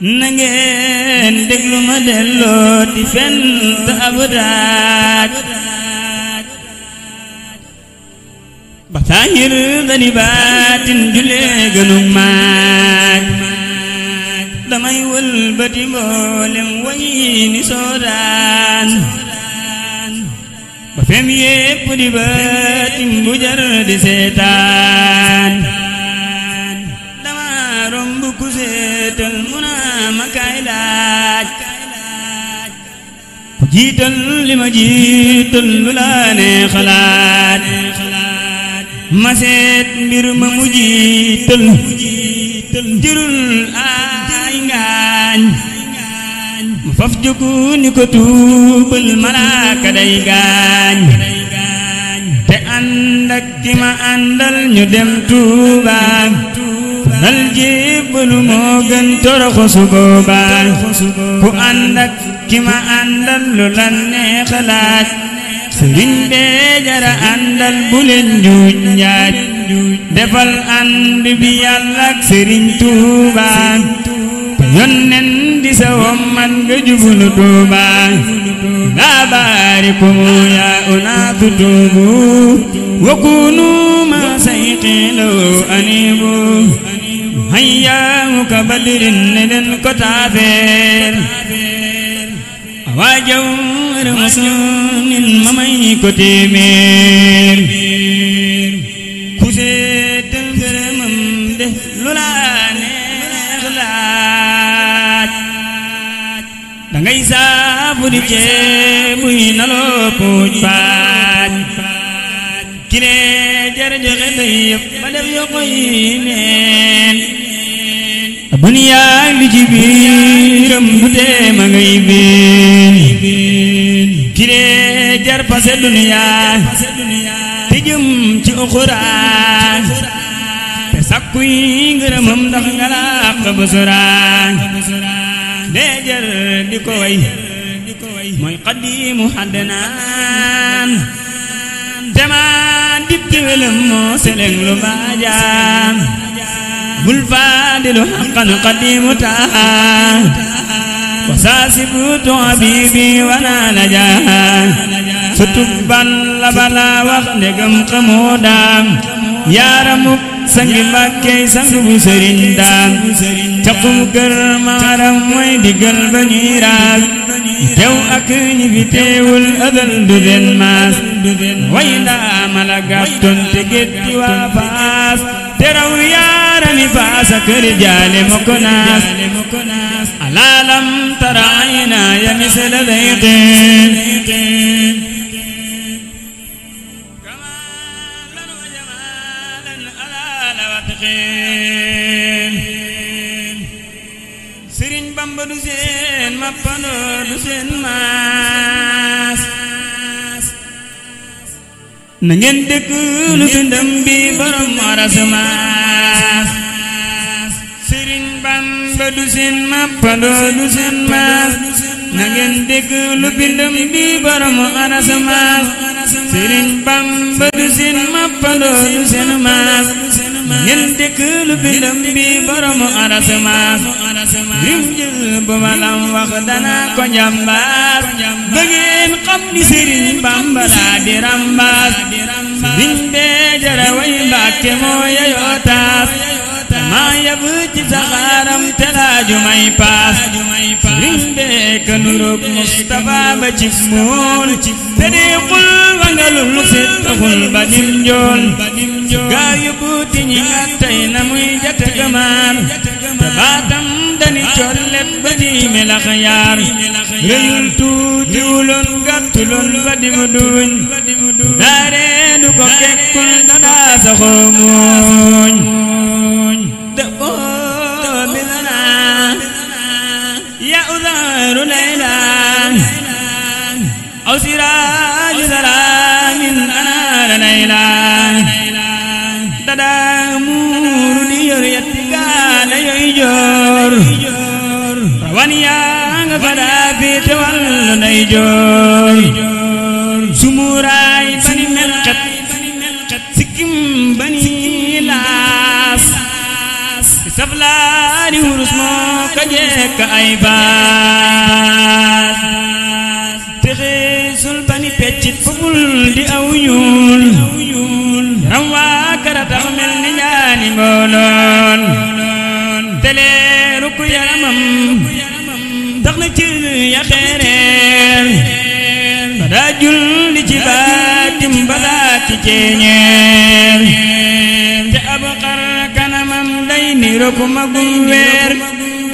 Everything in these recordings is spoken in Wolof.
na ngeen déglu ma delloo fent ab daaj ba saahir dani baatin julee gënu maag damay wëlbati mboolem way ni soodaan ba fem yépp di baatin bu di seetaan laaj ku jiital li ma jiital lu laa xalaat ma mbir ma mu jiital jërul ay ngaañ mu faf jógu ko tuubal malaaka day gaañ te ànd ak ma àndal ñu dem tuubaa nal jébbalu moo gën toroxu su ku ànd ki ma àndal lu neex laaj sëriñ bee jara àndal bu leen defal ànd bi yàlla ak sëriñ Tuuba yonnen di sa wommat nga jublu Tuuba laa baarikum yaa unaasu tuubu wa kunu ma sayqi law anibu hayyaa ka badrin ne leen ko taafeel waa jawwar muslimin ma ko téeméer ku seetal ngërëmam de lu la dangay saabu di ceebuy naloo puuj faaj tere joxe doy yëpp ba def yoo koy neen duniyaa li ci biiram du tee ma ngay biin kilee jar pase duniyaa te jëm ci uxuraa te sakkuy ngërëmam ndax nga làq ba suraa dee jar di ko way mooy xaddiimu xaddanaan demaa cib géwélam moo seleng lu baajaam bul faadilu xaqan qadimu taaxaan wasaasibu tuabibi wanaa najaan su tubban la balaa wax ndegam xamoo daam yaaramuk sangi mbàkkey sangu bu sëriñ daam caqum kër maaram mooy diggal ba ñuy teew ak ñi fi teewul ëdal du den maas way ndaa mala gàttoon te gétti waa faas te raw yaarami faasa kër jaale moko naas alaa lam tara aynaaya misla dayqin كمالا Bamba du seen na ngeen dëkk lu dundam bi borom aras maas Sëriñ maas na Bamba du seen mappandoo du seen maas ñeent këlu bilam bi borom arasmaan lim jël bu ma lam wax dana ko njambaas ba ngeen xam ni Sëriñ Bamba laa di rambaas biñ bee jara way Mbàkke moo yeyoo taas maa yab ci saxaaram te laaju may paas ka nuroog Mustafa ba ci mool te di xul wangalul settaxul ba dim njool gaa yu buuti ñi àttay na muy jata gamaar te baatam dani collet ba di melax yaar rëyul tuutiwuloon gàttuloon ba di mu duñ daaree ko kekkul danaa saxoo mooñ aw siraabi salaamin anaana laylaan dadaa muuru di yor yatti gaana yooy joor rawan yaa nga fa daa féete wàllu nay joor sumuuraay bani melxet sikkim bani laas saflaani wurus moo ka jekk ay baas sul peccit fubul di aw ñuul ram waa kër a tax ni ñaani mbooloon te leeru ku yaramam tax na ci ya xeereer ba daa ci baatim ba daa ci ceeñeer te ab xar kanamam day niro ku magum weer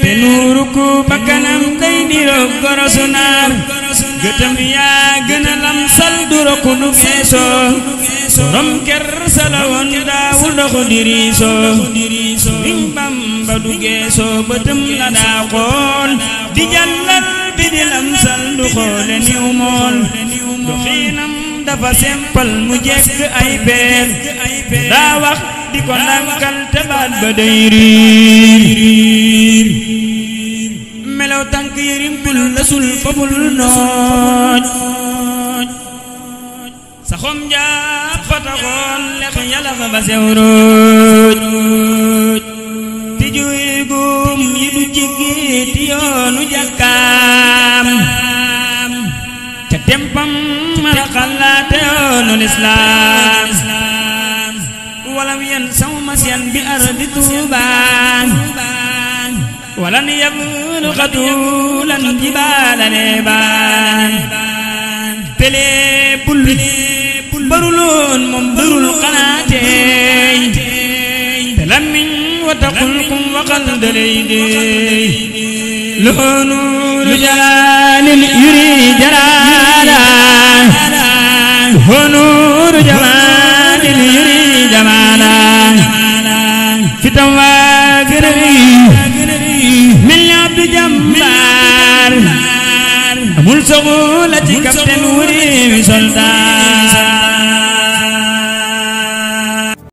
te nuuru ku bakkanam day niro gorosu naar gëtëm yaa gën a lamsal du rokku nu feesoo borom ker sala doxu diriisoo liñ Bamba du bëtëm la daa xool di jàllal bi di lamsal du xoole niw mool doxiinam dafa sempal mu jekk ay peer daa wax di ko ndànkal te baat ba day riir nelaw tànk yërim bul lasul fabul nooj sa xom njaab fataxoon lex yàlla fa ba sew rooj ti juy guum yi du jiggi ti yoonu jàkkaam ca tempam ma la xalaate yoonu lislaam walam yen saw ma seen bi ardi tuubaan ولن يبلغ طولا جبال ليبان بلي بل برلون منظر القناتين تلمن وتقلكم وقد ليدي له نور جلال يري جلالا له نور جمال يري جمالا في توافر du jàmbaar amul soxla ci capitaine wu réewi soldat